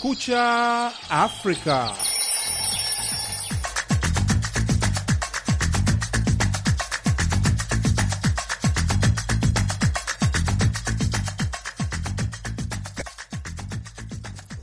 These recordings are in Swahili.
Kumekucha Afrika.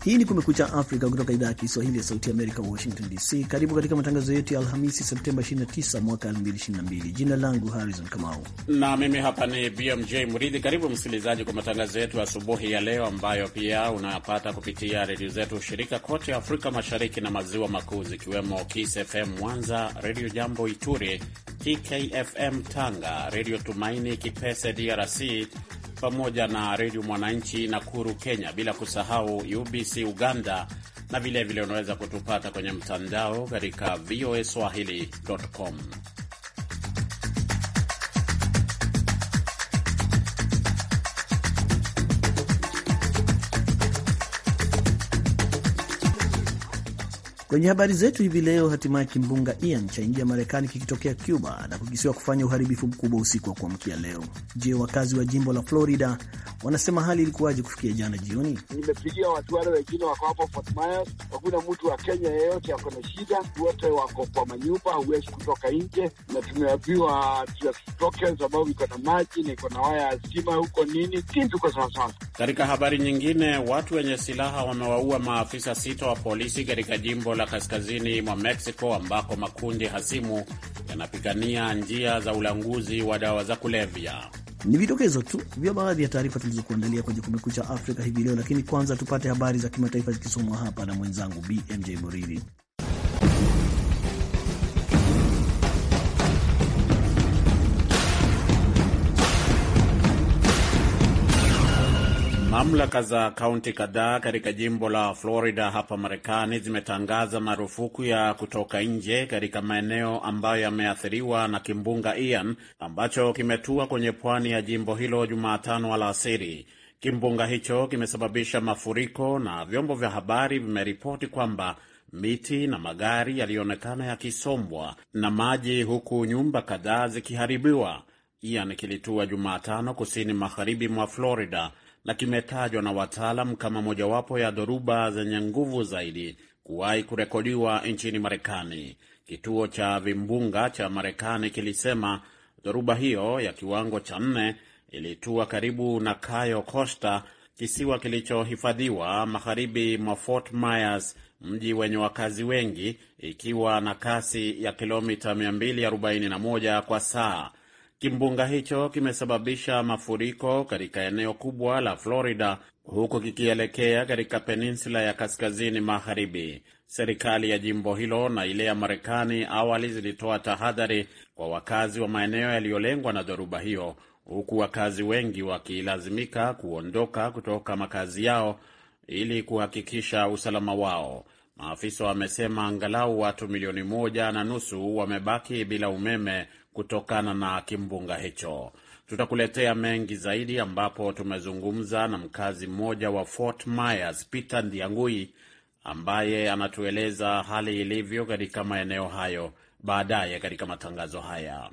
Hii ni Kumekucha Afrika kutoka idhaa ya Kiswahili ya Sauti Amerika, Washington DC. Karibu katika matangazo yetu ya Alhamisi, Septemba 29 mwaka 2022. Jina langu Harrison Kamau na mimi hapa ni BMJ Mridhi. Karibu msikilizaji kwa matangazo yetu asubuhi ya leo, ambayo pia unayapata kupitia redio zetu shirika kote Afrika Mashariki na Maziwa Makuu, zikiwemo Kiss Mwanza, Redio Jambo Ituri, TKFM Tanga, Redio Tumaini Kipese DRC, pamoja na Redio Mwananchi Nakuru, Kenya, bila kusahau UBC Uganda, na vilevile unaweza kutupata kwenye mtandao katika voa swahilicom Kwenye habari zetu hivi leo, hatimaye kimbunga Ian cha ingia Marekani kikitokea Cuba na kukisiwa kufanya uharibifu mkubwa usiku wa kuamkia leo. Je, wakazi wa jimbo la Florida wanasema hali ilikuwaje kufikia jana jioni? Nimepigia watu wale wengine wako hapo Fort Myers, hakuna mtu wa Kenya yeyote ako na shida, wote wako kwa manyumba, huwezi kutoka nje, na tumeambiwa tutoke, sababu iko na maji na iko na waya ya stima huko nini, tuko sawasawa. Katika habari nyingine, watu wenye silaha wamewaua maafisa sita wa polisi katika jimbo la kaskazini mwa Mexico ambako makundi hasimu yanapigania njia za ulanguzi wa dawa za kulevya. Ni vidokezo tu vya baadhi ya taarifa tulizokuandalia kwenye Kumekucha Afrika hivi leo, lakini kwanza tupate habari za kimataifa zikisomwa hapa na mwenzangu BMJ Muridhi. Mamlaka za kaunti kadhaa katika jimbo la Florida hapa Marekani zimetangaza marufuku ya kutoka nje katika maeneo ambayo yameathiriwa na kimbunga Ian ambacho kimetua kwenye pwani ya jimbo hilo Jumatano alasiri. Kimbunga hicho kimesababisha mafuriko na vyombo vya habari vimeripoti kwamba miti na magari yalionekana yakisombwa na maji huku nyumba kadhaa zikiharibiwa. Ian kilitua Jumatano kusini magharibi mwa Florida na kimetajwa na wataalam kama mojawapo ya dhoruba zenye nguvu zaidi kuwahi kurekodiwa nchini Marekani. Kituo cha vimbunga cha Marekani kilisema dhoruba hiyo ya kiwango cha nne ilitua karibu na Cayo Costa, kisiwa kilichohifadhiwa magharibi mwa Fort Myers, mji wenye wakazi wengi, ikiwa na kasi ya kilomita 241 kwa saa. Kimbunga hicho kimesababisha mafuriko katika eneo kubwa la Florida huku kikielekea katika peninsula ya kaskazini magharibi. Serikali ya jimbo hilo na ile ya Marekani awali zilitoa tahadhari kwa wakazi wa maeneo yaliyolengwa na dhoruba hiyo, huku wakazi wengi wakilazimika kuondoka kutoka makazi yao ili kuhakikisha usalama wao. Maafisa wamesema angalau watu milioni moja na nusu wamebaki bila umeme kutokana na kimbunga hicho. Tutakuletea mengi zaidi, ambapo tumezungumza na mkazi mmoja wa Fort Myers, Peter Ndiangui, ambaye anatueleza hali ilivyo katika maeneo hayo baadaye katika matangazo haya.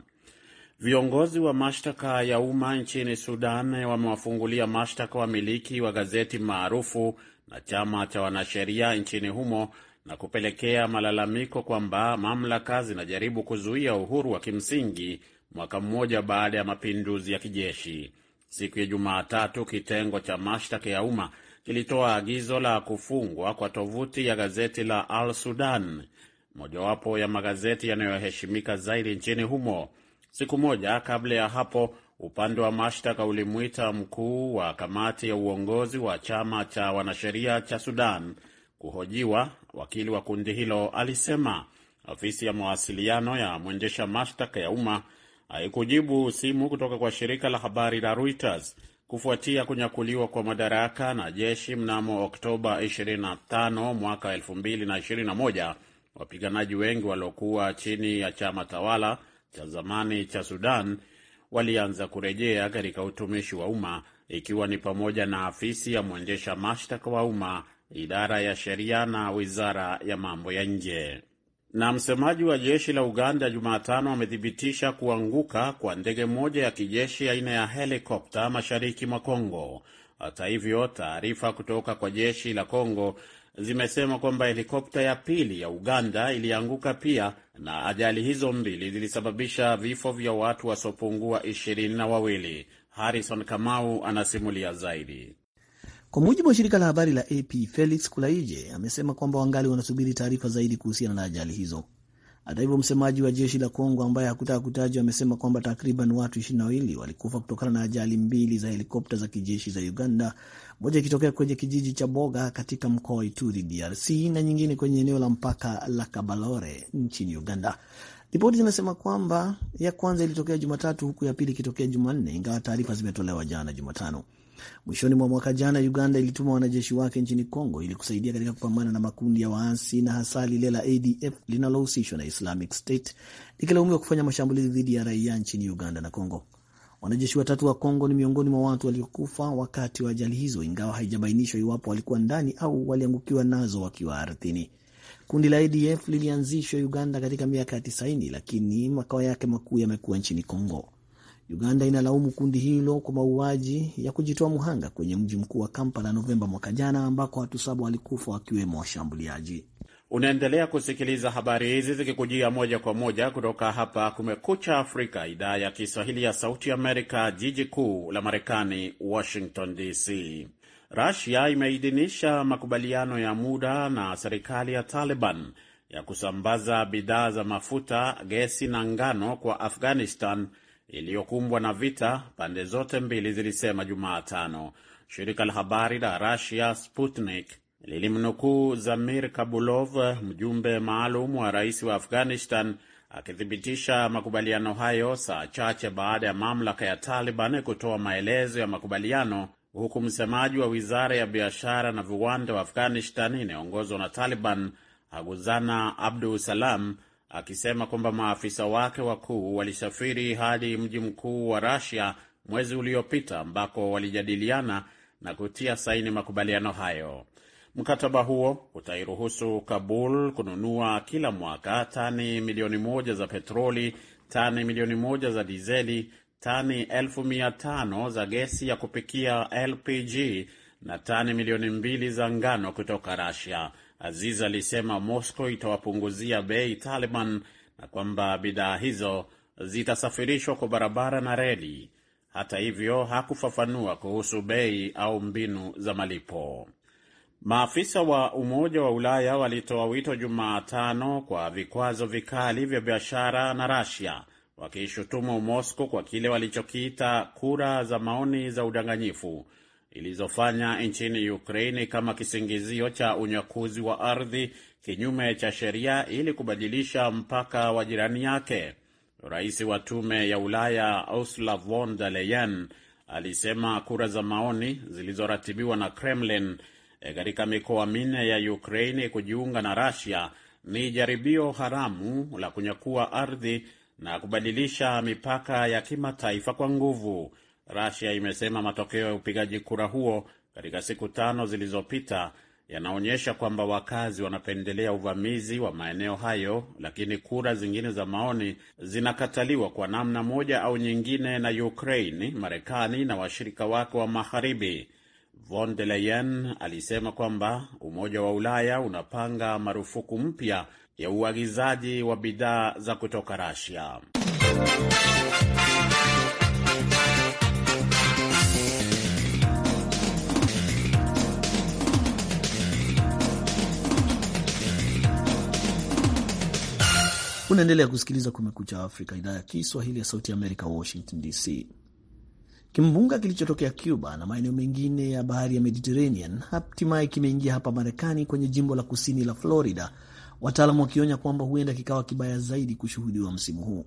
Viongozi wa mashtaka ya umma nchini Sudan wamewafungulia mashtaka wamiliki wa gazeti maarufu na chama cha wanasheria nchini humo na kupelekea malalamiko kwamba mamlaka zinajaribu kuzuia uhuru wa kimsingi mwaka mmoja baada ya mapinduzi ya kijeshi. Siku ya Jumatatu, kitengo cha mashtaka ya umma kilitoa agizo la kufungwa kwa tovuti ya gazeti la Al Sudan, mojawapo ya magazeti yanayoheshimika zaidi nchini humo. Siku moja kabla ya hapo, upande wa mashtaka ulimwita mkuu wa kamati ya uongozi wa chama cha wanasheria cha Sudan kuhojiwa Wakili wa kundi hilo alisema ofisi ya mawasiliano ya mwendesha mashtaka ya umma haikujibu simu kutoka kwa shirika la habari la Reuters kufuatia kunyakuliwa kwa madaraka na jeshi mnamo Oktoba 25 mwaka 2021, wapiganaji wengi waliokuwa chini ya chama tawala cha zamani cha Sudan walianza kurejea katika utumishi wa umma ikiwa ni pamoja na afisi ya mwendesha mashtaka wa umma idara ya sheria na wizara ya mambo ya nje. Na msemaji wa jeshi la Uganda Jumatano amethibitisha kuanguka kwa ndege moja ya kijeshi aina ya helikopta mashariki mwa Kongo. Hata hivyo, taarifa kutoka kwa jeshi la Kongo zimesema kwamba helikopta ya pili ya Uganda ilianguka pia, na ajali hizo mbili zilisababisha vifo vya watu wasiopungua ishirini na wawili. Harrison Kamau anasimulia zaidi. Kwa mujibu wa shirika la habari la AP, Felix Kulaije amesema kwamba wangali wanasubiri taarifa zaidi kuhusiana na ajali hizo. Hata hivyo, msemaji wa jeshi la Kongo ambaye hakutaka kutajwa amesema kwamba takriban watu ishirini na wawili walikufa kutokana na ajali mbili za helikopta za kijeshi za Uganda, moja ikitokea kwenye kijiji cha Boga katika mkoa wa Ituri, DRC, na nyingine kwenye eneo la mpaka la Kabalore nchini Uganda. Ripoti zinasema kwamba ya kwanza ilitokea Jumatatu huku ya pili ikitokea Jumanne, ingawa taarifa zimetolewa jana Jumatano. Mwishoni mwa mwaka jana, Uganda ilituma wanajeshi wake nchini congo ili kusaidia katika kupambana na makundi ya waasi na hasa lile la ADF linalohusishwa na Islamic State likilaumiwa kufanya mashambulizi dhidi ya raia nchini Uganda na congo Wanajeshi watatu wa congo ni miongoni mwa watu waliokufa wakati wa ajali hizo, ingawa haijabainishwa iwapo walikuwa ndani au waliangukiwa nazo wakiwa ardhini. Kundi la ADF lilianzishwa Uganda katika miaka ya 90 lakini makao yake makuu yamekuwa nchini Congo. Uganda inalaumu kundi hilo kwa mauaji ya kujitoa muhanga kwenye mji mkuu wa Kampala Novemba mwaka jana, ambako watu saba walikufa wakiwemo washambuliaji. Unaendelea kusikiliza habari hizi zikikujia moja kwa moja kutoka hapa Kumekucha Afrika, idhaa ya Kiswahili ya Sauti Amerika, jiji kuu la Marekani, Washington DC. Rusia imeidhinisha makubaliano ya muda na serikali ya Taliban ya kusambaza bidhaa za mafuta, gesi na ngano kwa Afghanistan iliyokumbwa na vita, pande zote mbili zilisema Jumatano. Shirika la habari la Russia Sputnik lilimnukuu Zamir Kabulov, mjumbe maalum wa rais wa Afghanistan, akithibitisha makubaliano hayo saa chache baada ya mamlaka ya Taliban kutoa maelezo ya makubaliano, huku msemaji wa wizara ya biashara na viwanda wa Afghanistan inayoongozwa na Taliban Aguzana Abdu Salam akisema kwamba maafisa wake wakuu walisafiri hadi mji mkuu wa Russia mwezi uliopita ambako walijadiliana na kutia saini makubaliano hayo. Mkataba huo utairuhusu Kabul kununua kila mwaka tani milioni moja za petroli, tani milioni moja za dizeli, tani elfu mia tano za gesi ya kupikia LPG na tani milioni mbili za ngano kutoka Russia. Aziz alisema Moscow itawapunguzia bei Taliban na kwamba bidhaa hizo zitasafirishwa kwa barabara na reli. Hata hivyo, hakufafanua kuhusu bei au mbinu za malipo. Maafisa wa Umoja wa Ulaya walitoa wito Jumatano kwa vikwazo vikali vya biashara na Rasia, wakiishutumu Moscow kwa kile walichokiita kura za maoni za udanganyifu ilizofanya nchini Ukraini kama kisingizio cha unyakuzi wa ardhi kinyume cha sheria ili kubadilisha mpaka wa jirani yake. Rais wa tume ya Ulaya Ursula von der Leyen alisema kura za maoni zilizoratibiwa na Kremlin eh, katika mikoa minne ya Ukraini kujiunga na Russia ni jaribio haramu la kunyakua ardhi na kubadilisha mipaka ya kimataifa kwa nguvu. Rasia imesema matokeo ya upigaji kura huo katika siku tano zilizopita yanaonyesha kwamba wakazi wanapendelea uvamizi wa maeneo hayo, lakini kura zingine za maoni zinakataliwa kwa namna moja au nyingine na ukrain Marekani na washirika wake wa magharibi. Von der Leyen alisema kwamba Umoja wa Ulaya unapanga marufuku mpya ya uagizaji wa bidhaa za kutoka Rasia. Unaendelea kusikiliza Kumekucha Afrika, idhaa ya Kiswahili ya Sauti ya Amerika, Washington DC. Kimbunga kilichotokea Cuba na maeneo mengine ya bahari ya Mediterranean hatimaye kimeingia hapa Marekani kwenye jimbo la kusini la Florida, wataalamu wakionya kwamba huenda kikawa kibaya zaidi kushuhudiwa msimu huu.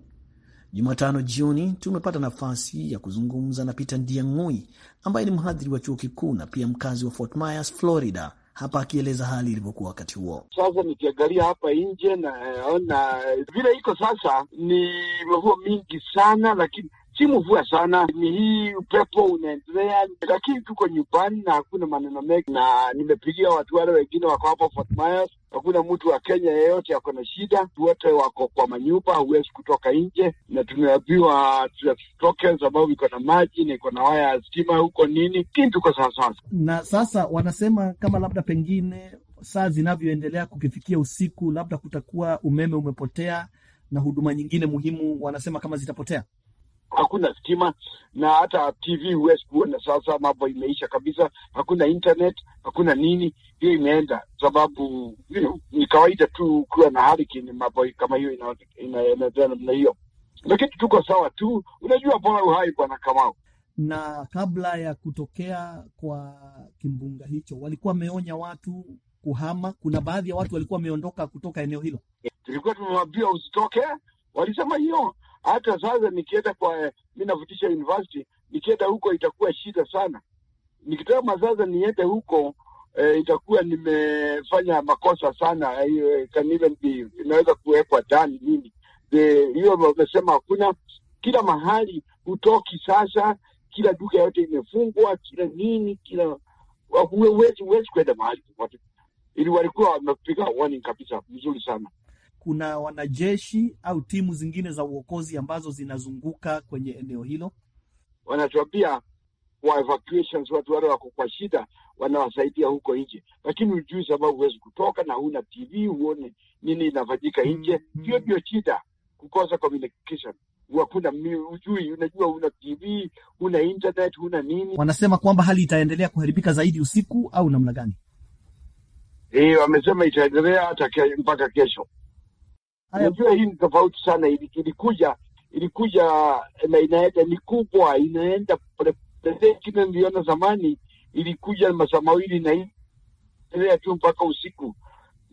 Jumatano jioni tumepata nafasi ya kuzungumza na Peter Ndiang'ui ambaye ni mhadhiri wa chuo kikuu na pia mkazi wa Fort Myers, Florida, hapa akieleza hali ilivyokuwa wakati huo. Sasa nikiangalia hapa nje naona eh, vile iko sasa, ni mvua mingi sana, lakini si mvua sana, ni hii upepo unaendelea, lakini tuko nyumbani na hakuna maneno mengi, na nimepigia watu wale wengine wako hapo Fort Myers. Hakuna mtu wa Kenya yeyote ako na shida, wote wako kwa manyumba, huwezi kutoka nje, na tumeambiwa tutoke, iko na maji na iko na waya ya stima huko nini, lakini tuko sawasawa. Na sasa wanasema kama labda pengine saa zinavyoendelea kukifikia usiku, labda kutakuwa umeme umepotea na huduma nyingine muhimu, wanasema kama zitapotea hakuna stima na hata TV huwezi kuona. Sasa mambo imeisha kabisa, hakuna internet, hakuna nini, hiyo imeenda sababu you know, ni kawaida tu kuwa na hurricane, mambo kama hiyo inaendelea namna hiyo, lakini tuko sawa tu, unajua bora uhai, bwana Kamau. Na kabla ya kutokea kwa kimbunga hicho, walikuwa wameonya watu kuhama. Kuna baadhi ya watu walikuwa wameondoka kutoka eneo hilo, tulikuwa tumewaambia usitoke, walisema hiyo hata sasa nikienda kwa, mi navutisha university, nikienda huko itakuwa shida sana. Nikitama sasa niende huko e, itakuwa nimefanya makosa sana eh, eh inaweza kuwekwa dani nini hiyo. Wamesema hakuna kila mahali hutoki sasa, kila duka yote imefungwa, kila nini, kila huwezi kwenda mahali popote, ili walikuwa wamepiga warning kabisa mzuri sana kuna wanajeshi au timu zingine za uokozi ambazo zinazunguka kwenye eneo hilo? Wanatuambia kwa evacuations, watu wale wako kwa shida, wanawasaidia huko nje, lakini hujui sababu, huwezi kutoka na huna TV huone nini inafanyika nje. Mm-hmm. Hiyo ndio shida, kukosa communication Hakuna ujui, unajua huna TV, huna internet, huna nini. Wanasema kwamba hali itaendelea kuharibika zaidi usiku au namna gani? Eh, wamesema itaendelea hata mpaka kesho. Unajua, hii ni tofauti sana, ilikuja ilikuja eh, na inaenda ni kubwa, inaenda kile niliona zamani, ilikuja masamawili na endelea tu mpaka usiku,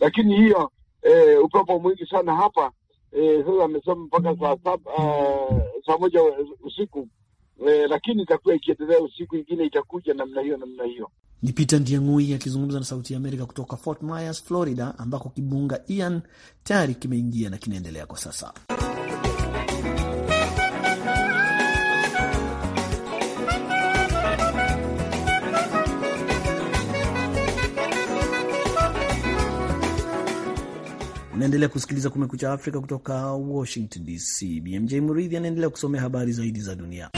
lakini hiyo eh, upepo mwingi sana hapa eh, sasa amesema mpaka saa saba eh, saa moja usiku eh, lakini itakuwa ikiendelea usiku, ingine itakuja namna hiyo namna hiyo. Ni Peter Ndiangui akizungumza na Sauti ya Amerika kutoka Fort Myers, Florida, ambako kimbunga Ian tayari kimeingia na kinaendelea kwa sasa. Unaendelea kusikiliza Kumekucha Afrika kutoka Washington DC. BMJ Muridhi anaendelea kusomea habari zaidi za dunia.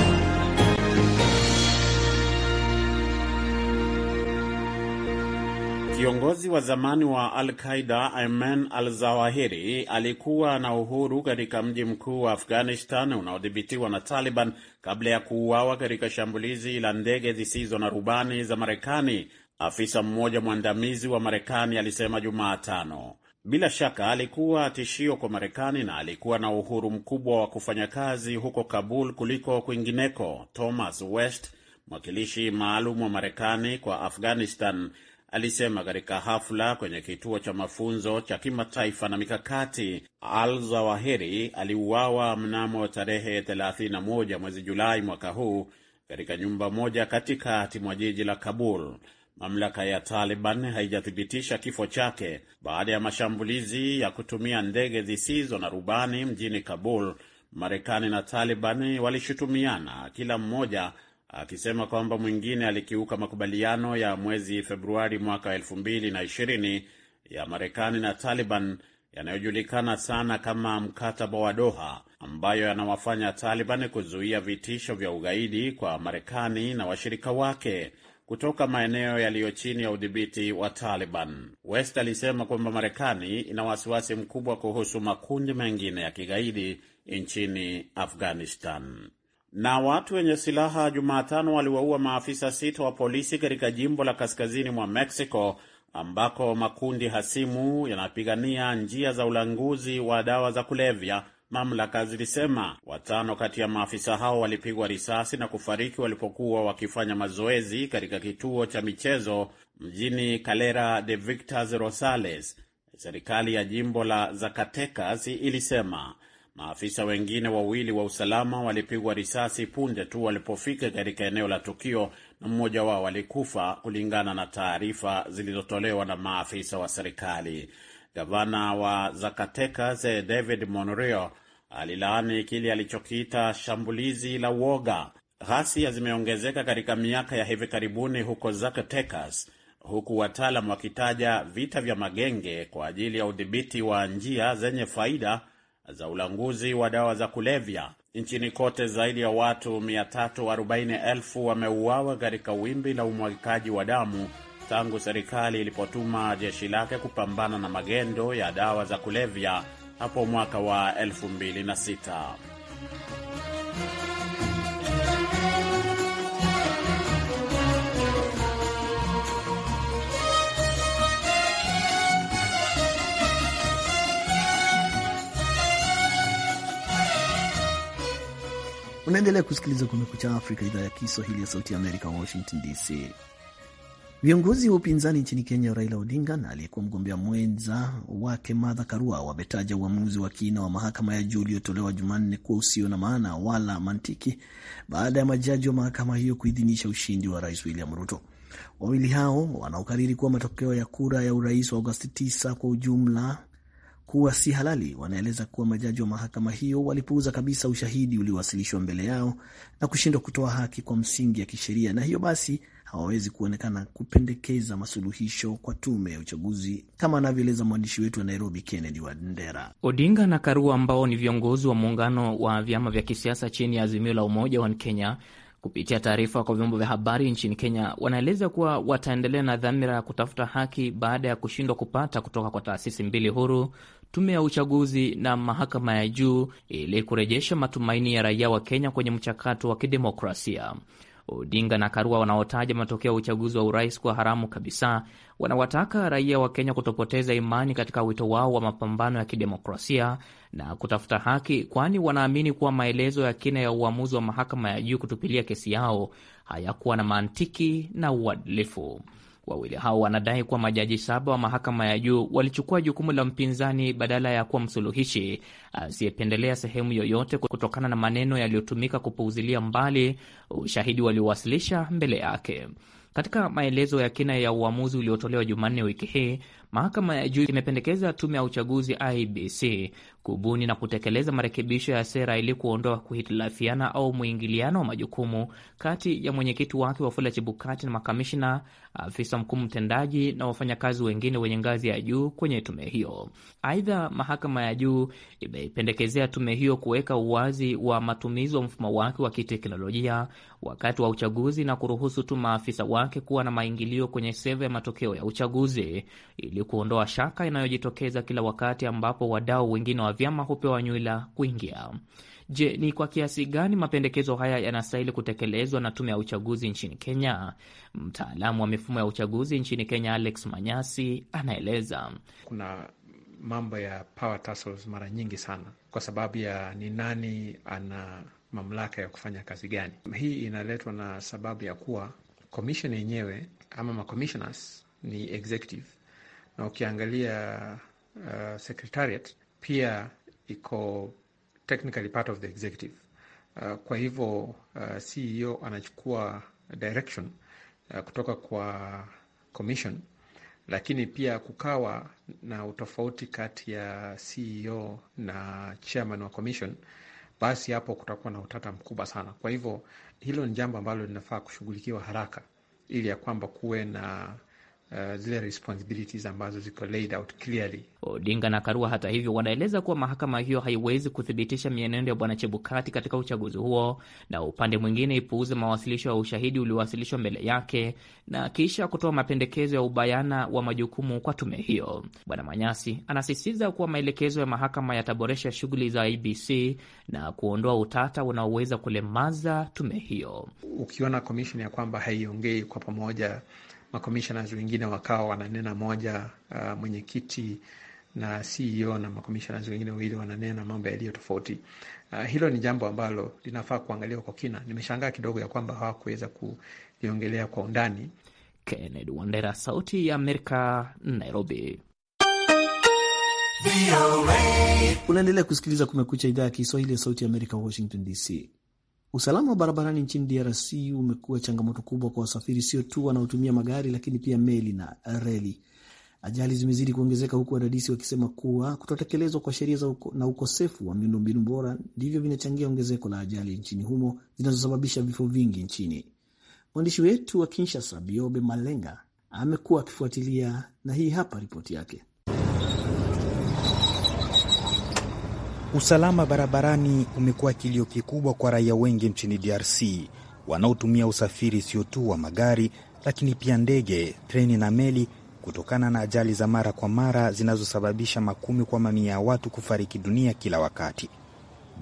Kiongozi wa zamani wa Al Qaida Ayman al Zawahiri alikuwa na uhuru katika mji mkuu wa Afghanistan unaodhibitiwa na Taliban kabla ya kuuawa katika shambulizi la ndege zisizo na rubani za Marekani, afisa mmoja mwandamizi wa Marekani alisema Jumatano. Bila shaka alikuwa tishio kwa Marekani na alikuwa na uhuru mkubwa wa kufanya kazi huko Kabul kuliko kwingineko, Thomas West, mwakilishi maalum wa Marekani kwa Afghanistan alisema katika hafla kwenye kituo cha mafunzo cha kimataifa na mikakati. Al-Zawahiri aliuawa mnamo tarehe 31 mwezi Julai mwaka huu katika nyumba moja katikati mwa jiji la Kabul. Mamlaka ya Taliban haijathibitisha kifo chake baada ya mashambulizi ya kutumia ndege zisizo na rubani mjini Kabul. Marekani na Taliban walishutumiana kila mmoja akisema kwamba mwingine alikiuka makubaliano ya mwezi Februari mwaka 2020 ya Marekani na Taliban yanayojulikana sana kama mkataba wa Doha, ambayo yanawafanya Taliban kuzuia vitisho vya ugaidi kwa Marekani na washirika wake kutoka maeneo yaliyo chini ya udhibiti wa Taliban. West alisema kwamba Marekani ina wasiwasi mkubwa kuhusu makundi mengine ya kigaidi nchini Afghanistan. Na watu wenye silaha Jumatano waliwaua maafisa sita wa polisi katika jimbo la kaskazini mwa Mexico ambako makundi hasimu yanapigania njia za ulanguzi wa dawa za kulevya, mamlaka zilisema. Watano kati ya maafisa hao walipigwa risasi na kufariki walipokuwa wakifanya mazoezi katika kituo cha michezo mjini Calera de Victor Rosales, serikali ya jimbo la Zacatecas ilisema. Maafisa wengine wawili wa usalama walipigwa risasi punde tu walipofika katika eneo la tukio na mmoja wao alikufa, kulingana na taarifa zilizotolewa na maafisa wa serikali. Gavana wa Zacatecas David Monreal alilaani kile alichokiita shambulizi la uoga. Ghasia zimeongezeka katika miaka ya hivi karibuni huko Zacatecas, huku wataalam wakitaja vita vya magenge kwa ajili ya udhibiti wa njia zenye faida za ulanguzi wa dawa za kulevya nchini kote. Zaidi ya watu 340,000 wameuawa katika wimbi la umwagikaji wa damu tangu serikali ilipotuma jeshi lake kupambana na magendo ya dawa za kulevya hapo mwaka wa 2006. Unaendelea kusikiliza Kumekucha Afrika, idhaa ya Kiswahili ya Sauti ya Amerika, Washington DC. Viongozi wa upinzani nchini Kenya, Raila Odinga na aliyekuwa mgombea mwenza wake Martha Karua wametaja uamuzi wa kina wa mahakama ya juu uliotolewa Jumanne kuwa usio na maana wala mantiki baada ya majaji wa mahakama hiyo kuidhinisha ushindi wa Rais William Ruto. Wawili hao wanaokariri kuwa matokeo ya kura ya urais wa Agosti 9 kwa ujumla kuwa si halali, wanaeleza kuwa majaji wa mahakama hiyo walipuuza kabisa ushahidi uliowasilishwa mbele yao na kushindwa kutoa haki kwa msingi ya kisheria, na hiyo basi hawawezi kuonekana kupendekeza masuluhisho kwa tume ya uchaguzi, kama anavyoeleza mwandishi wetu wa Nairobi, Kennedy Wandera. Odinga na Karua ambao ni viongozi wa muungano wa vyama vya kisiasa chini ya Azimio la Umoja wa Kenya kupitia taarifa kwa vyombo vya habari nchini Kenya wanaeleza kuwa wataendelea na dhamira ya kutafuta haki baada ya kushindwa kupata kutoka kwa taasisi mbili huru tume ya uchaguzi na mahakama ya juu ili kurejesha matumaini ya raia wa Kenya kwenye mchakato wa kidemokrasia. Odinga na Karua wanaotaja matokeo ya uchaguzi wa urais kwa haramu kabisa, wanawataka raia wa Kenya kutopoteza imani katika wito wao wa mapambano ya kidemokrasia na kutafuta haki, kwani wanaamini kuwa maelezo ya kina ya uamuzi wa mahakama ya juu kutupilia kesi yao hayakuwa na mantiki na uadilifu. Wawili hao wanadai kuwa majaji saba wa mahakama ya juu walichukua jukumu la mpinzani badala ya kuwa msuluhishi uh, asiyependelea sehemu yoyote, kutokana na maneno yaliyotumika kupuuzilia mbali ushahidi waliowasilisha mbele yake. Katika maelezo ya kina ya uamuzi uliotolewa Jumanne wiki hii, Mahakama ya Juu imependekeza tume ya uchaguzi IBC kubuni na kutekeleza marekebisho ya sera ili kuondoa kuhitilafiana au mwingiliano wa majukumu kati ya mwenyekiti wake Wafula Chebukati na makamishina, afisa mkuu mtendaji na wafanyakazi wengine wenye ngazi ya juu kwenye tume hiyo. Aidha, mahakama ya juu imeipendekezea tume hiyo kuweka uwazi wa matumizi wa mfumo wake wa kiteknolojia wakati wa uchaguzi na kuruhusu tu maafisa wake kuwa na maingilio kwenye seva ya matokeo ya uchaguzi ili kuondoa shaka inayojitokeza kila wakati ambapo wadau wengine wa vyama hupewa nywila kuingia. Je, ni kwa kiasi gani mapendekezo haya yanastahili kutekelezwa na tume ya uchaguzi nchini Kenya? Mtaalamu wa mifumo ya uchaguzi nchini Kenya, Alex Manyasi, anaeleza. Kuna mambo ya power tussles mara nyingi sana kwa sababu ya ni nani ana mamlaka ya kufanya kazi gani. Hii inaletwa na sababu ya kuwa commission yenyewe ama ma commissioners ni executive na ukiangalia uh, secretariat pia iko technically part of the executive uh, kwa hivyo uh, CEO anachukua direction uh, kutoka kwa commission, lakini pia kukawa na utofauti kati ya CEO na chairman wa commission, basi hapo kutakuwa na utata mkubwa sana. Kwa hivyo hilo ni jambo ambalo linafaa kushughulikiwa haraka ili ya kwamba kuwe na Eh, zile responsibilities ambazo ziko laid out clearly. Odinga na Karua hata hivyo wanaeleza kuwa mahakama hiyo haiwezi kuthibitisha mienendo ya bwana Chebukati katika uchaguzi huo, na upande mwingine ipuuze mawasilisho ya ushahidi uliowasilishwa mbele yake na kisha kutoa mapendekezo ya ubayana wa majukumu kwa tume hiyo. Bwana Manyasi anasisitiza kuwa maelekezo ya mahakama yataboresha shughuli za IBC na kuondoa utata unaoweza kulemaza tume hiyo. Ukiona komisheni ya kwamba haiongei kwa pamoja makomishona wengine wakawa wananena moja, uh, mwenyekiti na CEO na makomishona wengine wawili wananena mambo yaliyo tofauti. Uh, hilo ni jambo ambalo linafaa kuangaliwa kwa kina. Nimeshangaa kidogo ya kwamba hawakuweza kuliongelea kwa undani. Kennedy Wandera, Sauti ya Amerika, Nairobi. Unaendelea kusikiliza Kumekucha, idhaa ya Kiswahili ya Sauti ya Amerika, Washington DC. Usalama wa barabarani nchini DRC umekuwa changamoto kubwa kwa wasafiri, sio tu wanaotumia magari, lakini pia meli na reli. Ajali zimezidi kuongezeka huku wadadisi wakisema kuwa kutotekelezwa kwa sheria uko, na ukosefu wa miundombinu bora ndivyo vinachangia ongezeko la ajali nchini humo zinazosababisha vifo vingi nchini. Mwandishi wetu wa Kinshasa, Biobe Malenga, amekuwa akifuatilia na hii hapa ripoti yake. Usalama barabarani umekuwa kilio kikubwa kwa raia wengi nchini DRC wanaotumia usafiri sio tu wa magari, lakini pia ndege, treni na meli, kutokana na ajali za mara kwa mara zinazosababisha makumi kwa mamia ya watu kufariki dunia kila wakati.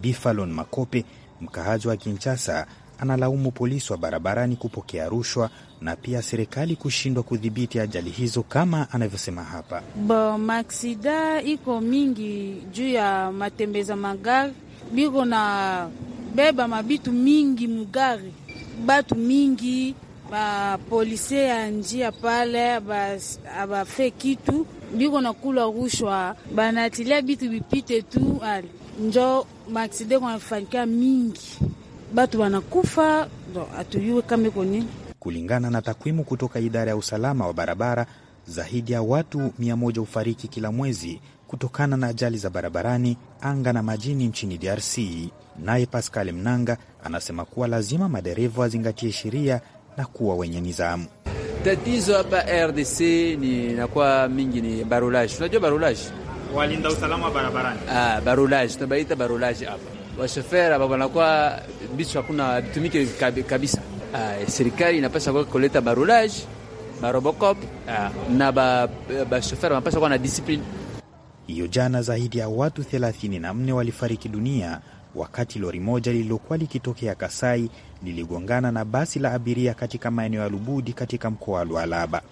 Bifalon Makope, mkaaji wa Kinshasa, analaumu polisi wa barabarani kupokea rushwa na pia serikali kushindwa kudhibiti ajali hizo, kama anavyosema hapa. Bo maksida iko mingi juu ya matembeza magari, biko na beba mabitu mingi mugari, batu mingi bapolisie ya njia pale abafe kitu biko na kula rushwa, banatilia bitu bipite tu ali njo maaksida kunafanyika mingi, batu banakufa, atuyue kama nini Kulingana na takwimu kutoka idara ya usalama wa barabara, zaidi ya watu 100 hufariki kila mwezi kutokana na ajali za barabarani, anga na majini nchini DRC. Naye Pascal Mnanga anasema kuwa lazima madereva wazingatie sheria na kuwa wenye nidhamu. Tatizo hapa RDC ni nakuwa mingi ni barulaji, Unajua barulaji, walinda usalama barabarani, ah, barulaji tunabaita barulaji hapa. Washofera baba nakuwa bicho hakuna bitumike kabisa Uh, serikali inapasha kwa kuleta barulage barobocop uh, na bashoferi ba eh, wanapasha kuwa na discipline. Hiyo jana zaidi ya watu 34 walifariki dunia wakati lori moja lililokuwa likitokea Kasai liligongana na basi la abiria katika maeneo ya Lubudi katika mkoa wa Lualaba.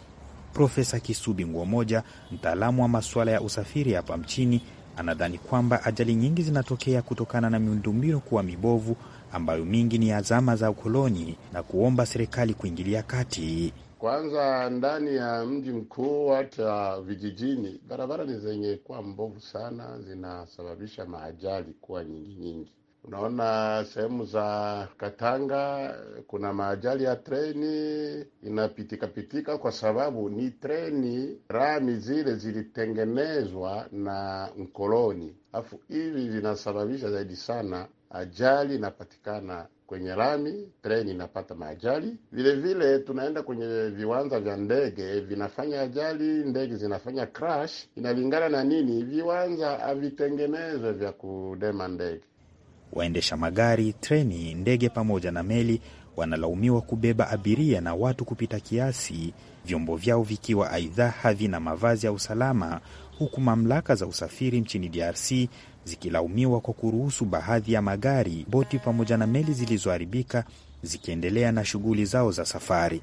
Profesa Kisubi Nguo Moja, mtaalamu wa masuala ya usafiri hapa mchini, anadhani kwamba ajali nyingi zinatokea kutokana na miundombinu kuwa mibovu ambayo mingi ni azama za ukoloni na kuomba serikali kuingilia kati. Kwanza ndani ya mji mkuu, hata vijijini, barabara ni zenye kuwa mbovu sana, zinasababisha maajali kuwa nyingi nyingi. Unaona sehemu za Katanga kuna maajali ya treni inapitikapitika, kwa sababu ni treni rami zile zilitengenezwa na mkoloni, alafu hivi vinasababisha zaidi sana ajali inapatikana kwenye lami, treni inapata maajali. Vilevile tunaenda kwenye viwanja vya ndege vinafanya ajali, ndege zinafanya crash. Inalingana na nini? Viwanja havitengenezwe vya kudema ndege. Waendesha magari, treni, ndege pamoja na meli wanalaumiwa kubeba abiria na watu kupita kiasi, vyombo vyao vikiwa aidha havina mavazi ya usalama, huku mamlaka za usafiri nchini DRC zikilaumiwa kwa kuruhusu baadhi ya magari, boti pamoja na meli zilizoharibika zikiendelea na shughuli zao za safari.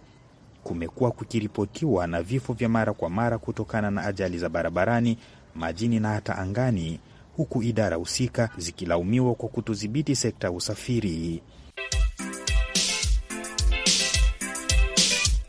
Kumekuwa kukiripotiwa na vifo vya mara kwa mara kutokana na ajali za barabarani, majini na hata angani, huku idara husika zikilaumiwa kwa kutodhibiti sekta ya usafiri.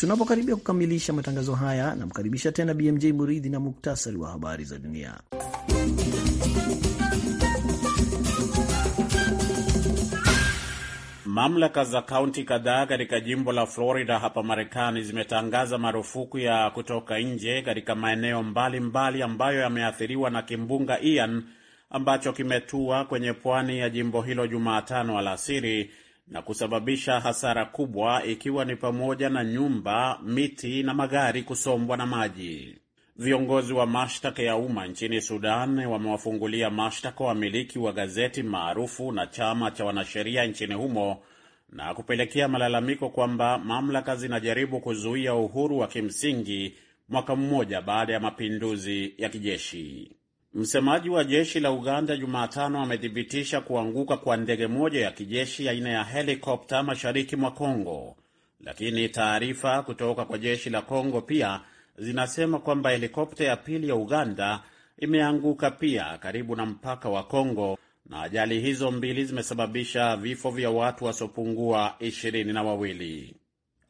Tunapokaribia kukamilisha matangazo haya, namkaribisha tena BMJ Muridhi na muktasari wa habari za dunia. Mamlaka za kaunti kadhaa katika jimbo la Florida hapa Marekani zimetangaza marufuku ya kutoka nje katika maeneo mbalimbali mbali ambayo yameathiriwa na kimbunga Ian ambacho kimetua kwenye pwani ya jimbo hilo Jumatano alasiri na kusababisha hasara kubwa ikiwa ni pamoja na nyumba, miti na magari kusombwa na maji. Viongozi wa mashtaka ya umma nchini Sudan wamewafungulia mashtaka wamiliki wa gazeti maarufu na chama cha wanasheria nchini humo na kupelekea malalamiko kwamba mamlaka zinajaribu kuzuia uhuru wa kimsingi mwaka mmoja baada ya mapinduzi ya kijeshi. Msemaji wa jeshi la Uganda Jumatano amethibitisha kuanguka kwa ndege moja ya kijeshi aina ya helikopta mashariki mwa Kongo, lakini taarifa kutoka kwa jeshi la Kongo pia zinasema kwamba helikopta ya pili ya Uganda imeanguka pia karibu na mpaka wa Kongo, na ajali hizo mbili zimesababisha vifo vya watu wasiopungua ishirini na wawili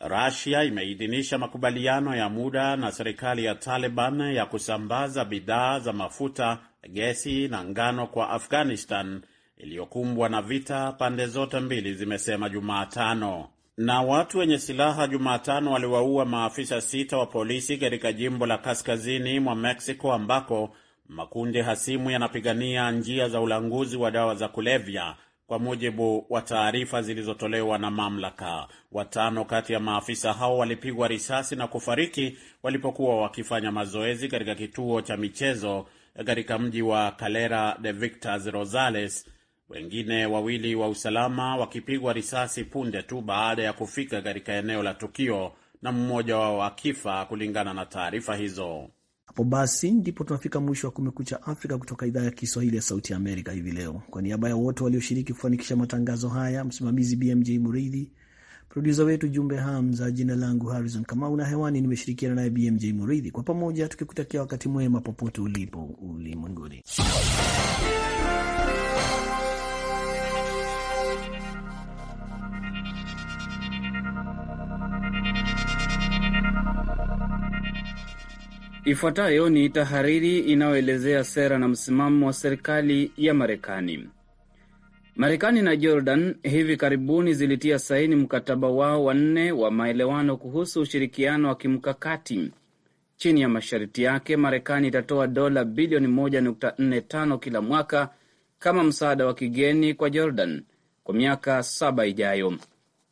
rusia imeidhinisha makubaliano ya muda na serikali ya Taliban ya kusambaza bidhaa za mafuta, gesi na ngano kwa Afghanistan iliyokumbwa na vita, pande zote mbili zimesema Jumatano. Na watu wenye silaha Jumatano waliwaua maafisa sita wa polisi katika jimbo la kaskazini mwa Mexico ambako makundi hasimu yanapigania njia za ulanguzi wa dawa za kulevya kwa mujibu wa taarifa zilizotolewa na mamlaka. Watano kati ya maafisa hao walipigwa risasi na kufariki walipokuwa wakifanya mazoezi katika kituo cha michezo katika mji wa Calera de Victor Rosales, wengine wawili wa usalama wakipigwa risasi punde tu baada ya kufika katika eneo la tukio na mmoja wao akifa, kulingana na taarifa hizo. Hapo basi ndipo tunafika mwisho wa Kumekucha Afrika kutoka idhaa ya Kiswahili ya Sauti ya Amerika hivi leo. Kwa niaba ya wote walioshiriki kufanikisha matangazo haya, msimamizi BMJ Muridhi, produsa wetu Jumbe Hamza, jina langu Harrison Kamau na hewani nimeshirikiana naye BMJ Muridhi, kwa pamoja tukikutakia wakati mwema popote ulipo ulimwenguni. Ifuatayo ni tahariri inayoelezea sera na msimamo wa serikali ya Marekani. Marekani na Jordan hivi karibuni zilitia saini mkataba wao wanne wa maelewano kuhusu ushirikiano wa kimkakati. Chini ya masharti yake, Marekani itatoa dola bilioni 1.45 kila mwaka kama msaada wa kigeni kwa Jordan kwa miaka saba ijayo.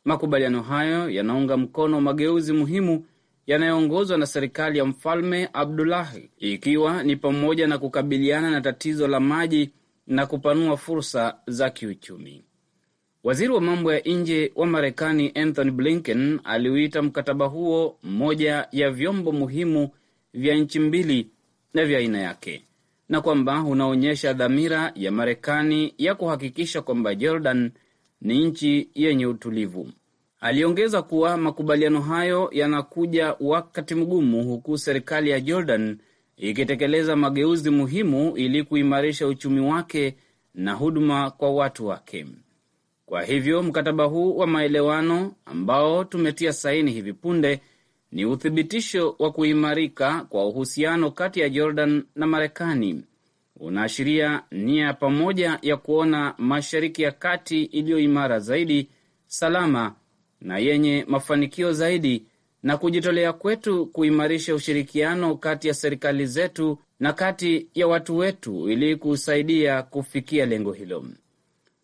Makubaliano hayo yanaunga mkono mageuzi muhimu yanayoongozwa na serikali ya Mfalme Abdulahi, ikiwa ni pamoja na kukabiliana na tatizo la maji na kupanua fursa za kiuchumi. Waziri wa mambo ya nje wa Marekani Anthony Blinken aliuita mkataba huo moja ya vyombo muhimu vya nchi mbili na vya aina yake, na kwamba unaonyesha dhamira ya Marekani ya kuhakikisha kwamba Jordan ni nchi yenye utulivu. Aliongeza kuwa makubaliano hayo yanakuja wakati mgumu, huku serikali ya Jordan ikitekeleza mageuzi muhimu ili kuimarisha uchumi wake na huduma kwa watu wake. Kwa hivyo mkataba huu wa maelewano ambao tumetia saini hivi punde ni uthibitisho wa kuimarika kwa uhusiano kati ya Jordan na Marekani. Unaashiria nia ya pamoja ya kuona Mashariki ya Kati iliyo imara zaidi, salama na yenye mafanikio zaidi na kujitolea kwetu kuimarisha ushirikiano kati ya serikali zetu na kati ya watu wetu ili kusaidia kufikia lengo hilo.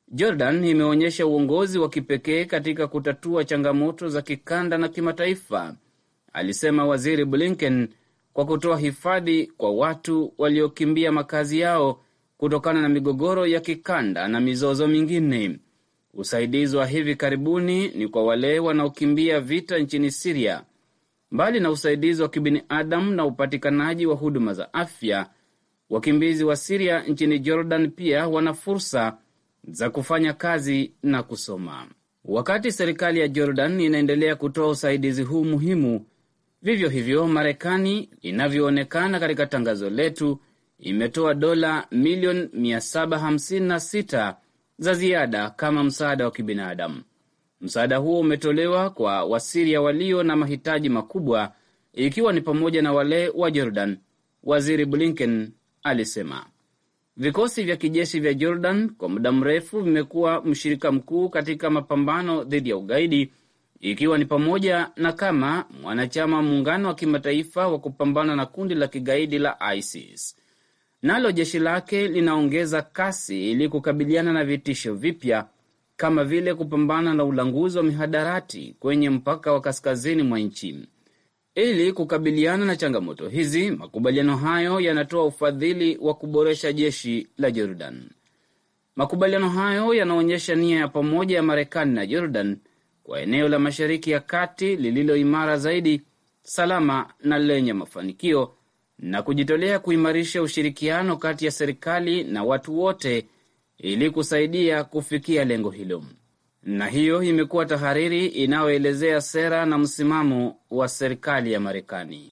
Jordan imeonyesha uongozi wa kipekee katika kutatua changamoto za kikanda na kimataifa, alisema Waziri Blinken, kwa kutoa hifadhi kwa watu waliokimbia makazi yao kutokana na migogoro ya kikanda na mizozo mingine. Usaidizi wa hivi karibuni ni kwa wale wanaokimbia vita nchini Siria. Mbali na usaidizi wa kibinadamu na upatikanaji wa huduma za afya, wakimbizi wa Siria nchini Jordan pia wana fursa za kufanya kazi na kusoma. Wakati serikali ya Jordan inaendelea kutoa usaidizi huu muhimu, vivyo hivyo Marekani, inavyoonekana katika tangazo letu, imetoa dola milioni 756 za ziada kama msaada wa kibinadamu. Msaada huo umetolewa kwa Wasiria walio na mahitaji makubwa, ikiwa ni pamoja na wale wa Jordan, Waziri Blinken alisema. Vikosi vya kijeshi vya Jordan kwa muda mrefu vimekuwa mshirika mkuu katika mapambano dhidi ya ugaidi, ikiwa ni pamoja na kama mwanachama muungano wa kimataifa wa kupambana na kundi la kigaidi la ISIS nalo jeshi lake linaongeza kasi ili kukabiliana na vitisho vipya kama vile kupambana na ulanguzi wa mihadarati kwenye mpaka wa kaskazini mwa nchi. Ili kukabiliana na changamoto hizi, makubaliano hayo yanatoa ufadhili wa kuboresha jeshi la Jordan. Makubaliano hayo yanaonyesha nia ya pamoja ya Marekani na Jordan kwa eneo la Mashariki ya Kati lililo imara zaidi, salama na lenye mafanikio na kujitolea kuimarisha ushirikiano kati ya serikali na watu wote ili kusaidia kufikia lengo hilo. Na hiyo imekuwa tahariri inayoelezea sera na msimamo wa serikali ya Marekani.